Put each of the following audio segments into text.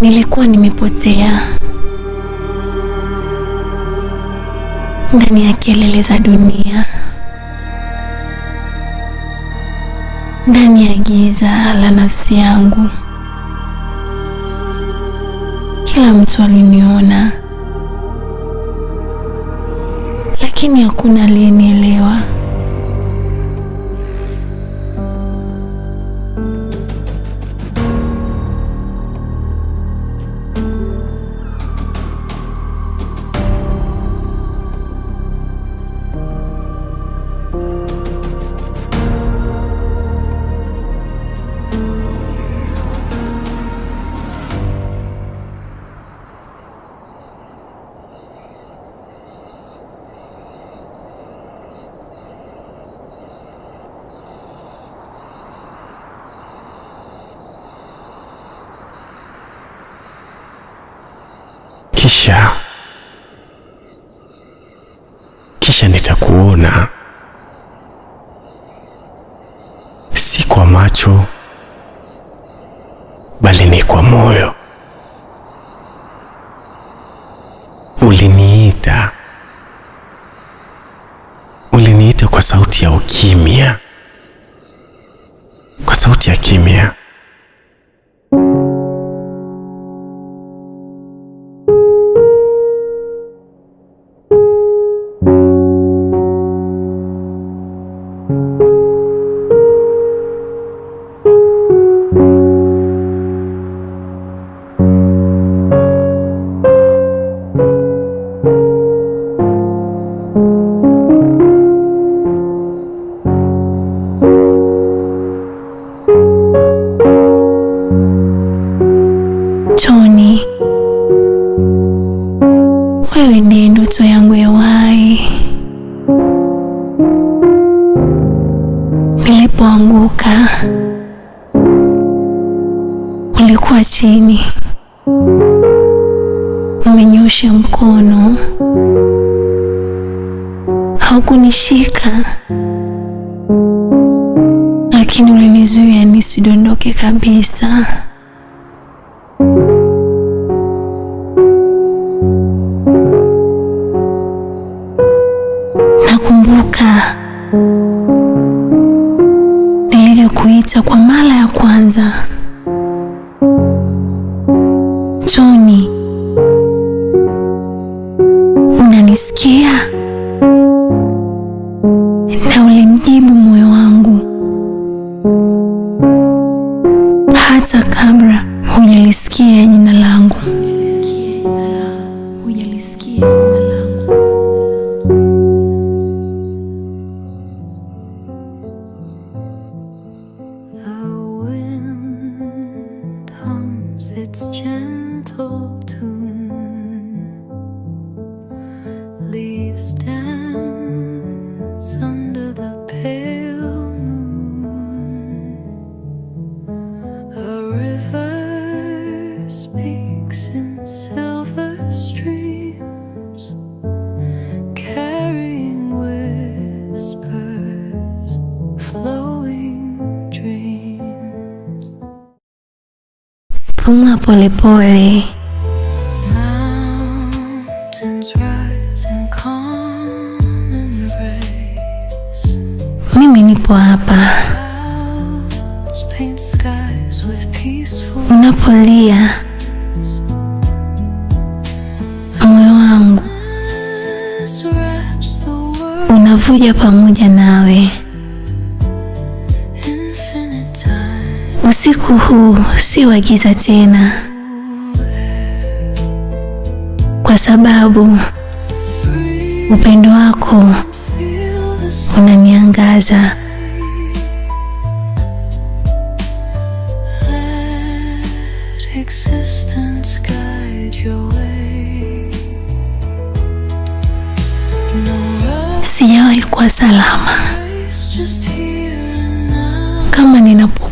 nilikuwa nimepotea ndani ya kelele za dunia, ndani ya giza la nafsi yangu. Kila mtu aliniona, lakini hakuna aliyenielewa. kisha kisha nitakuona si kwa macho bali ni kwa moyo. Uliniita, uliniita kwa sauti ya ukimya, kwa sauti ya kimya utotoni. Wewe ndiye ndoto yangu ya wai. Nilipoanguka ulikuwa chini, umenyosha mkono, haukunishika lakini ulinizuia nisidondoke kabisa. Nakumbuka nilivyokuita kwa mara ya kwanza Joni, unanisikia? Na ulimjibu moyo wangu hata kabla hujalisikia jina langu. it's just napumua polepole. Mimi nipo hapa unapolia moyo wangu unavuja pamoja nawe. Usiku huu si wa giza tena, kwa sababu upendo wako unaniangaza. Sijawahi kuwa salama kama ninapo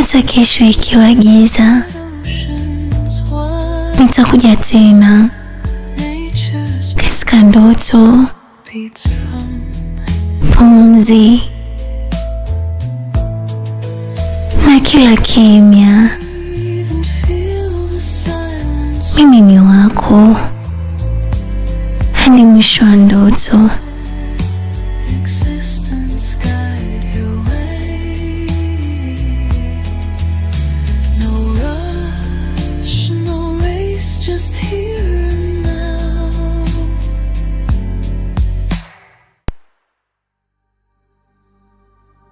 Hata kesho ikiwa giza, nitakuja tena katika ndoto, pumzi na kila kimya. Mimi ni wako hadi mwisho wa ndoto.